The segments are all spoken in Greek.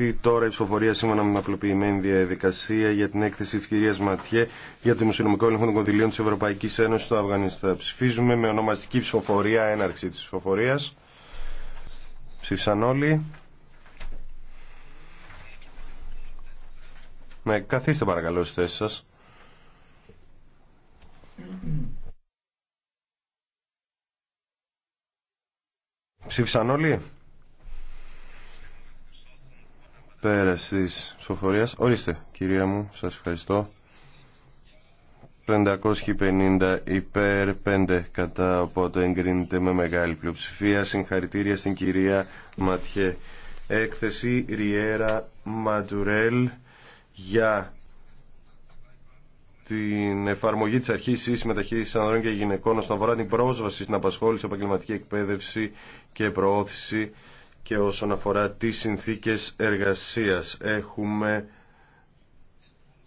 αυτή τώρα η ψηφοφορία σήμερα με απλοποιημένη διαδικασία για την έκθεση τη κυρία Ματιέ για το Μουσουλμικό έλεγχο των κονδυλίων τη Ευρωπαϊκή Ένωση στο Αφγανιστάν. Ψηφίζουμε με ονομαστική ψηφοφορία, έναρξη τη ψηφοφορία. Ψήφισαν όλοι. Ναι, καθίστε παρακαλώ στι θέσει σα. Ψήφισαν όλοι. Πέραση τη ψηφοφορίας. Ορίστε, κυρία μου, σας ευχαριστώ. 550 υπέρ, 5 κατά, οπότε εγκρίνεται με μεγάλη πλειοψηφία. Συγχαρητήρια στην κυρία Ματιέ. Έκθεση Ριέρα Ματζουρέλ για την εφαρμογή της αρχής ίσης μεταχείρισης ανδρών και γυναικών όσον αφορά την πρόσβαση στην απασχόληση, επαγγελματική εκπαίδευση και προώθηση και όσον αφορά τις συνθήκες εργασίας. Έχουμε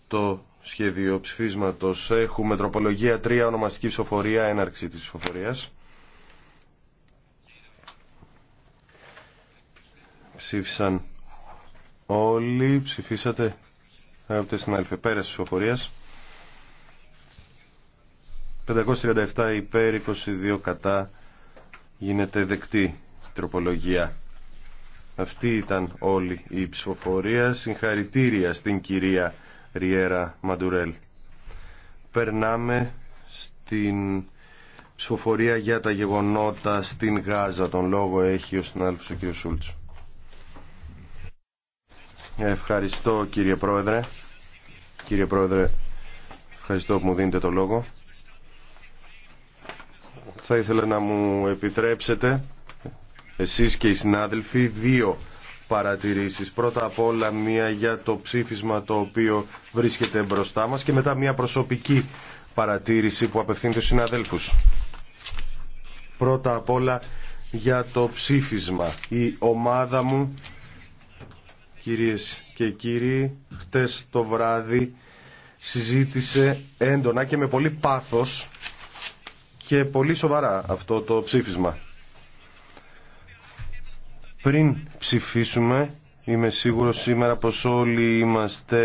το σχέδιο ψηφίσματος. Έχουμε τροπολογία 3, ονομαστική ψηφοφορία, έναρξη της ψηφοφορίας. Ψήφισαν όλοι, ψηφίσατε αγαπητές συνάδελφοι, πέρας τη ψηφοφορίας. 537 υπέρ, 22 κατά, γίνεται δεκτή η τροπολογία. Αυτή ήταν όλη η ψηφοφορία. Συγχαρητήρια στην κυρία Ριέρα Μαντουρέλ. Περνάμε στην ψηφοφορία για τα γεγονότα στην Γάζα. Τον λόγο έχει ο συνάδελφος ο κ. Σούλτς. Ευχαριστώ κύριε Πρόεδρε. Κύριε Πρόεδρε, ευχαριστώ που μου δίνετε το λόγο. Θα ήθελα να μου επιτρέψετε εσείς και οι συνάδελφοι δύο παρατηρήσεις. Πρώτα απ' όλα μία για το ψήφισμα το οποίο βρίσκεται μπροστά μας και μετά μία προσωπική παρατήρηση που απευθύνεται στους συναδέλφους. Πρώτα απ' όλα για το ψήφισμα. Η ομάδα μου, κυρίες και κύριοι, χτες το βράδυ συζήτησε έντονα και με πολύ πάθος και πολύ σοβαρά αυτό το ψήφισμα. Πριν ψηφίσουμε, είμαι σίγουρο σήμερα πως όλοι είμαστε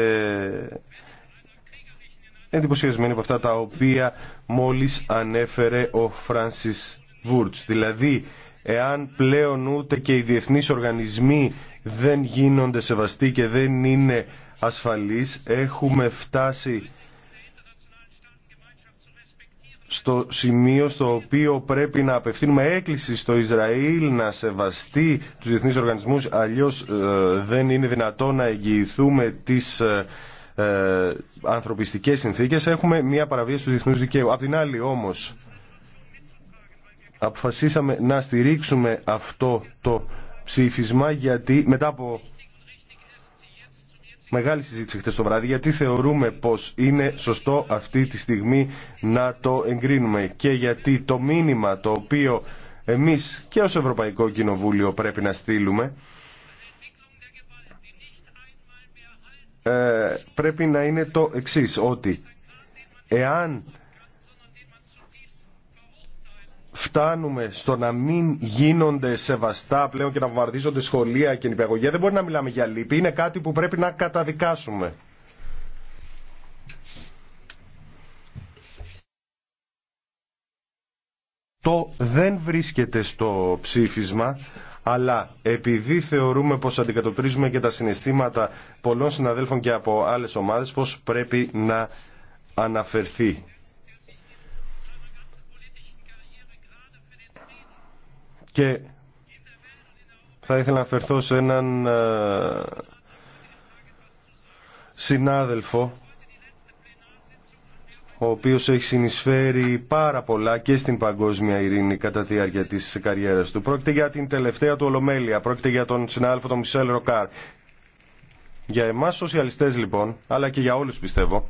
εντυπωσιασμένοι από αυτά τα οποία μόλις ανέφερε ο Φράνσις Βούρτς. Δηλαδή, εάν πλέον ούτε και οι διεθνείς οργανισμοί δεν γίνονται σεβαστοί και δεν είναι ασφαλείς, έχουμε φτάσει στο σημείο στο οποίο πρέπει να απευθύνουμε έκκληση στο Ισραήλ να σεβαστεί τους διεθνείς οργανισμούς αλλιώς ε, δεν είναι δυνατό να εγγυηθούμε τις ε, ε, ανθρωπιστικές συνθήκες έχουμε μια παραβίαση του διεθνούς δικαίου απ' την άλλη όμως αποφασίσαμε να στηρίξουμε αυτό το ψήφισμα γιατί μετά από μεγάλη συζήτηση χτες το βράδυ γιατί θεωρούμε πως είναι σωστό αυτή τη στιγμή να το εγκρίνουμε και γιατί το μήνυμα το οποίο εμείς και ως Ευρωπαϊκό Κοινοβούλιο πρέπει να στείλουμε ε, πρέπει να είναι το εξής ότι εάν φτάνουμε στο να μην γίνονται σεβαστά πλέον και να βομβαρδίζονται σχολεία και νηπιαγωγεία δεν μπορεί να μιλάμε για λύπη. Είναι κάτι που πρέπει να καταδικάσουμε. Το δεν βρίσκεται στο ψήφισμα, αλλά επειδή θεωρούμε πως αντικατοπτρίζουμε και τα συναισθήματα πολλών συναδέλφων και από άλλες ομάδες, πως πρέπει να αναφερθεί Και θα ήθελα να αφαιρθώ σε έναν ε, συνάδελφο ο οποίος έχει συνεισφέρει πάρα πολλά και στην παγκόσμια ειρήνη κατά τη διάρκεια της καριέρας του. Πρόκειται για την τελευταία του Ολομέλεια, πρόκειται για τον συνάδελφο τον Μισελ Ροκάρ. Για εμάς σοσιαλιστές λοιπόν, αλλά και για όλους πιστεύω,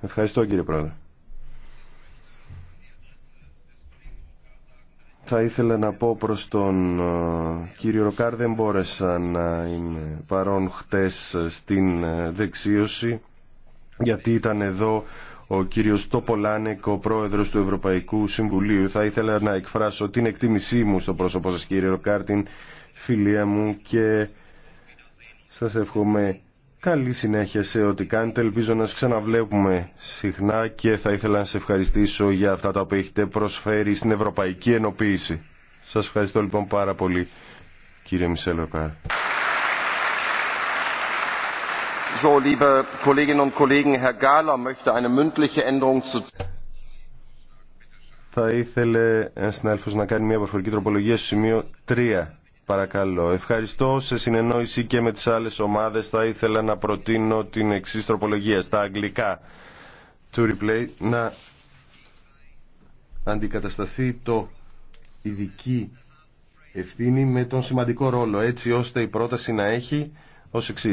Ευχαριστώ κύριε Πρόεδρε. Θα ήθελα να πω προς τον ε, κύριο Ροκάρ δεν μπόρεσα να είμαι παρόν χτες στην ε, δεξίωση γιατί ήταν εδώ ο κύριος Τοπολάνεκ, ο πρόεδρος του Ευρωπαϊκού Συμβουλίου. Θα ήθελα να εκφράσω την εκτίμησή μου στο πρόσωπό σας κύριε Ροκάρ, την φιλία μου και σας εύχομαι Καλή συνέχεια σε ό,τι κάνετε. Ελπίζω να σας ξαναβλέπουμε συχνά και θα ήθελα να σε ευχαριστήσω για αυτά τα οποία έχετε προσφέρει στην Ευρωπαϊκή Ενοποίηση. Σας ευχαριστώ λοιπόν πάρα πολύ κύριε Μισελ So, liebe Kolleginnen und Kollegen, Herr Gala möchte eine mündliche zu... Θα ήθελε ένα συνάδελφο να κάνει μια προφορική τροπολογία στο σημείο 3. Παρακαλώ. Ευχαριστώ. Σε συνεννόηση και με τις άλλες ομάδες θα ήθελα να προτείνω την εξή τροπολογία. Στα αγγλικά του replay να αντικατασταθεί το ειδική ευθύνη με τον σημαντικό ρόλο έτσι ώστε η πρόταση να έχει ως εξή.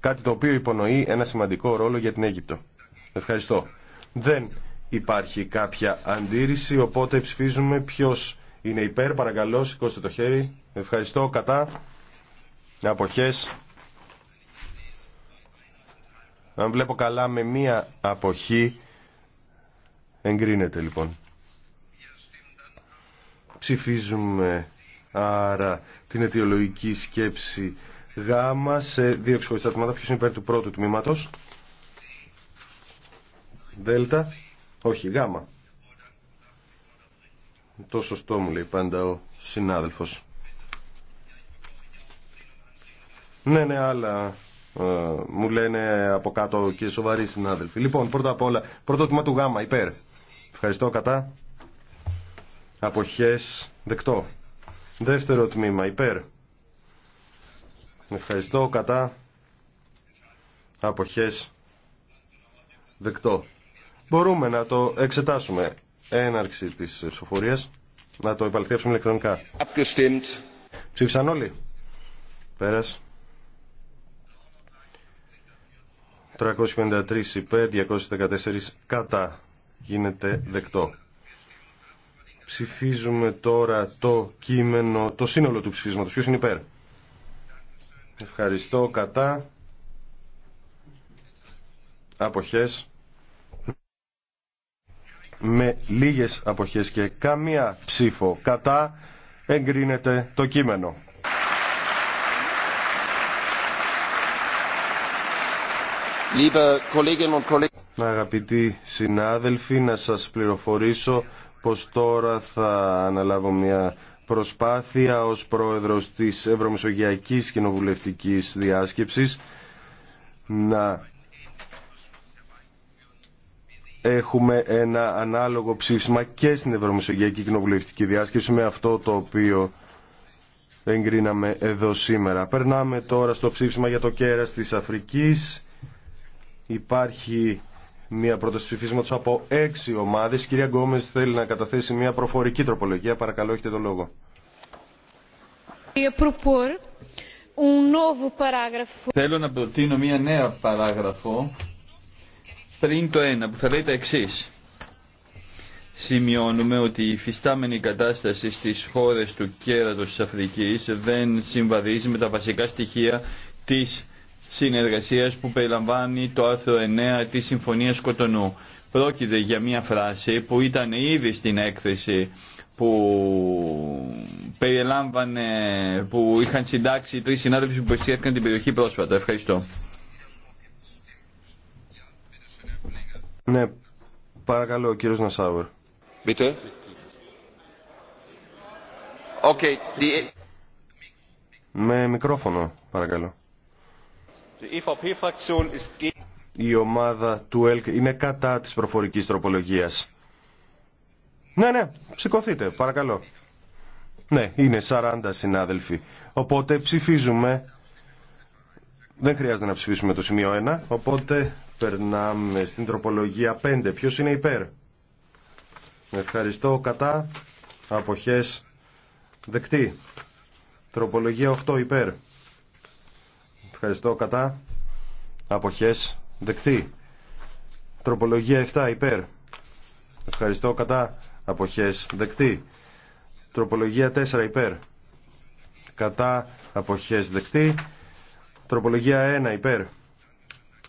Κάτι το οποίο υπονοεί ένα σημαντικό ρόλο για την Αίγυπτο. Ευχαριστώ. Δεν υπάρχει κάποια αντίρρηση οπότε ψηφίζουμε ποιος είναι υπέρ, παρακαλώ, σηκώστε το χέρι. Ευχαριστώ, κατά. Αποχές. Αν βλέπω καλά με μία αποχή, εγκρίνεται λοιπόν. Ψηφίζουμε άρα την αιτιολογική σκέψη γάμα σε δύο ξεχωριστά τμήματα. Ποιος είναι υπέρ του πρώτου τμήματος. Δέλτα. Όχι, γάμα. Το σωστό μου λέει πάντα ο συνάδελφος. Ναι, ναι, αλλά ε, μου λένε από κάτω και σοβαροί συνάδελφοι. Λοιπόν, πρώτα απ' όλα, πρώτο του γάμα, υπέρ. Ευχαριστώ, κατά. Αποχές, δεκτό. Δεύτερο τμήμα, υπέρ. Ευχαριστώ, κατά. Αποχές, δεκτό. Μπορούμε να το εξετάσουμε έναρξη της ψηφοφορία Να το επαληθεύσουμε ηλεκτρονικά. Abgestimmt. Ψήφισαν όλοι. Πέρας. 353 υπέρ, 214 κατά. Γίνεται δεκτό. Ψηφίζουμε τώρα το κείμενο, το σύνολο του ψηφίσματος. Ποιος είναι υπέρ. Ευχαριστώ. Κατά. Αποχές με λίγες αποχές και καμία ψήφο κατά εγκρίνεται το κείμενο. Αγαπητοί συνάδελφοι, να σας πληροφορήσω πως τώρα θα αναλάβω μια προσπάθεια ως πρόεδρος της Ευρωμεσογειακής Κοινοβουλευτικής Διάσκεψης να έχουμε ένα ανάλογο ψήφισμα και στην Ευρωμεσογειακή Κοινοβουλευτική Διάσκεψη με αυτό το οποίο εγκρίναμε εδώ σήμερα. Περνάμε τώρα στο ψήφισμα για το κέρας της Αφρικής. Υπάρχει μια πρόταση ψηφίσματος από έξι ομάδες. κυρία Γκόμες θέλει να καταθέσει μια προφορική τροπολογία. Παρακαλώ, έχετε το λόγο. Θέλω να προτείνω μια νέα παράγραφο πριν το ένα που θα λέει τα εξή. Σημειώνουμε ότι η φυστάμενη κατάσταση στις χώρες του κέρατος της Αφρικής δεν συμβαδίζει με τα βασικά στοιχεία της συνεργασίας που περιλαμβάνει το άρθρο 9 της Συμφωνίας Κοτονού. Πρόκειται για μια φράση που ήταν ήδη στην έκθεση που περιλάμβανε, που είχαν συντάξει τρεις συνάδελφοι που περισκέφθηκαν την περιοχή πρόσφατα. Ευχαριστώ. Ναι, παρακαλώ, ο κύριος Νασάουρ. Okay, the... Με μικρόφωνο, παρακαλώ. Η ομάδα του ΕΛΚ είναι κατά της προφορικής τροπολογίας. Ναι, ναι, σηκωθείτε, παρακαλώ. Ναι, είναι 40 συνάδελφοι. Οπότε ψηφίζουμε. Δεν χρειάζεται να ψηφίσουμε το σημείο 1, οπότε Περνάμε στην τροπολογία 5. Ποιος είναι υπέρ. Ευχαριστώ. Κατά. Αποχές. Δεκτή. Τροπολογία 8 υπέρ. Ευχαριστώ. Κατά. Αποχές. Δεκτή. Τροπολογία 7 υπέρ. Ευχαριστώ. Κατά. Αποχές. Δεκτή. Τροπολογία 4 υπέρ. Κατά. Αποχές. Δεκτή. Τροπολογία 1 υπέρ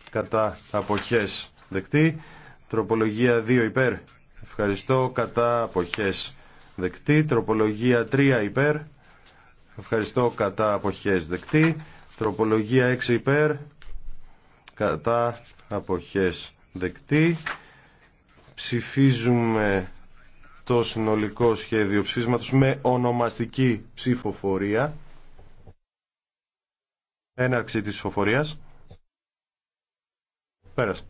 κατά αποχές δεκτή. Τροπολογία 2 υπέρ. Ευχαριστώ κατά αποχές δεκτή. Τροπολογία 3 υπέρ. Ευχαριστώ κατά αποχές δεκτή. Τροπολογία 6 υπέρ. Κατά αποχές δεκτή. Ψηφίζουμε το συνολικό σχέδιο ψήφισματος με ονομαστική ψηφοφορία. Έναρξη της ψηφοφορίας. Πέρας.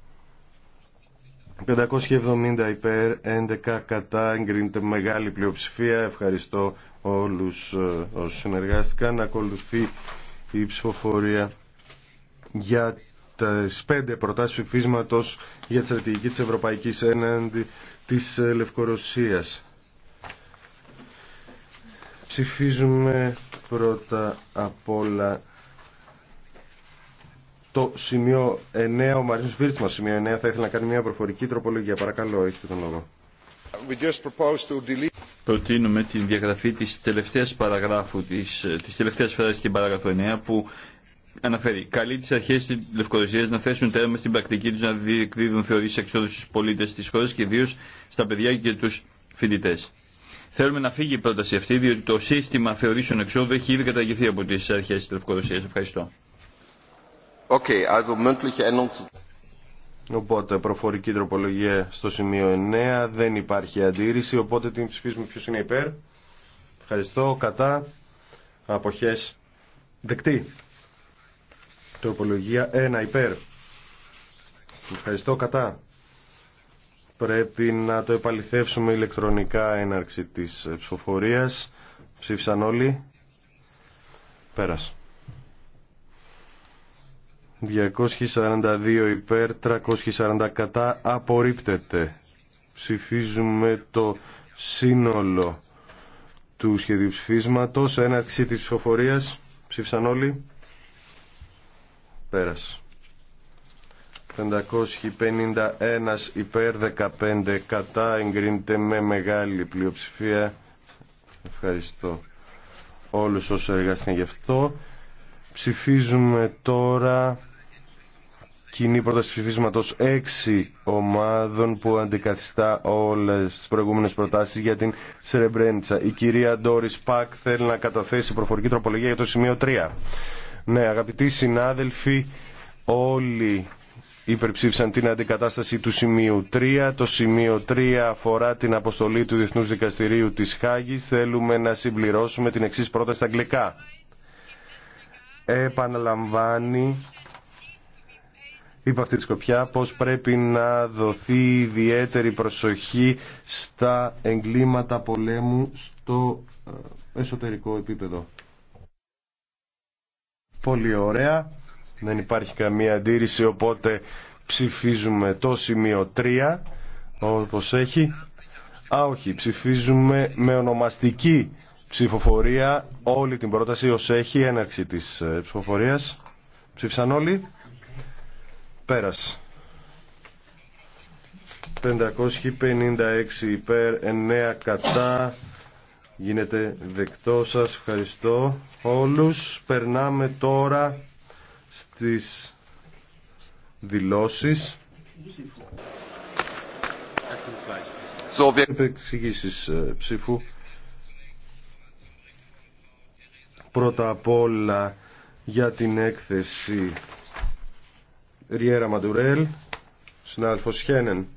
570 υπέρ, 11 κατά, εγκρίνεται μεγάλη πλειοψηφία. Ευχαριστώ όλους ε, όσου συνεργάστηκαν. ακολουθεί η ψηφοφορία για τι πέντε προτάσεις ψηφίσματο για τη στρατηγική της Ευρωπαϊκής Έναντι της ε, Λευκορωσίας. Ψηφίζουμε πρώτα απ' όλα το σημείο 9, ο Μαρίνος Βίρτς μας, σημείο 9, θα ήθελα να κάνει μια προφορική τροπολογία. Παρακαλώ, έχετε τον λόγο. Προτείνουμε την διαγραφή της τελευταίας παραγράφου, της, της τελευταίας φράσης στην παράγραφο 9 που αναφέρει «Καλεί τις αρχές της Λευκορωσίας να θέσουν τέρμα στην πρακτική τους να διεκδίδουν θεωρήσει εξόδου στους πολίτες της χώρας και ιδίω στα παιδιά και τους φοιτητέ. Θέλουμε να φύγει η πρόταση αυτή διότι το σύστημα θεωρήσεων εξόδου έχει ήδη καταργηθεί από τις αρχές της Λευκορωσίας. Ευχαριστώ. Οπότε προφορική τροπολογία στο σημείο 9 δεν υπάρχει αντίρρηση οπότε την ψηφίζουμε ποιο είναι υπέρ. Ευχαριστώ. Κατά. Αποχέ Δεκτή. Τροπολογία 1 υπέρ. Ευχαριστώ. Κατά. Πρέπει να το επαληθεύσουμε ηλεκτρονικά έναρξη της ψηφοφορίας. Ψήφισαν όλοι. Πέρασε. 242 υπέρ, 340 κατά, απορρίπτεται. Ψηφίζουμε το σύνολο του σχεδίου ψηφίσματος, έναρξη της ψηφοφορίας. Ψήφισαν όλοι. Πέρας. 551 υπέρ, 15 κατά, εγκρίνεται με μεγάλη πλειοψηφία. Ευχαριστώ όλους όσους εργάστηκαν γι' αυτό. Ψηφίζουμε τώρα κοινή πρόταση ψηφίσματο έξι ομάδων που αντικαθιστά όλε τι προηγούμενε προτάσει για την Σερεμπρέντσα. Η κυρία Ντόρι Πακ θέλει να καταθέσει προφορική τροπολογία για το σημείο 3. Ναι, αγαπητοί συνάδελφοι, όλοι υπερψήφισαν την αντικατάσταση του σημείου 3. Το σημείο 3 αφορά την αποστολή του Διεθνούς Δικαστηρίου της Χάγης. Θέλουμε να συμπληρώσουμε την εξής πρόταση στα αγγλικά. Επαναλαμβάνει Είπα αυτή τη σκοπιά πως πρέπει να δοθεί ιδιαίτερη προσοχή στα εγκλήματα πολέμου στο ε, εσωτερικό επίπεδο. Πολύ ωραία. Δεν υπάρχει καμία αντίρρηση οπότε ψηφίζουμε το σημείο 3 όπως έχει. Α, όχι, ψηφίζουμε με ονομαστική ψηφοφορία όλη την πρόταση ως έχει έναρξη της ε, ψηφοφορίας. Ψήφισαν όλοι. Πέρας. 556 υπέρ, 9 κατά. Γίνεται δεκτό σας. Ευχαριστώ όλους. Περνάμε τώρα στις δηλώσεις. επεξηγήσεις ε, ψήφου. Πρώτα απ' όλα για την έκθεση Ριέρα Μαντουρέλ, συνάδελφος Χένεν.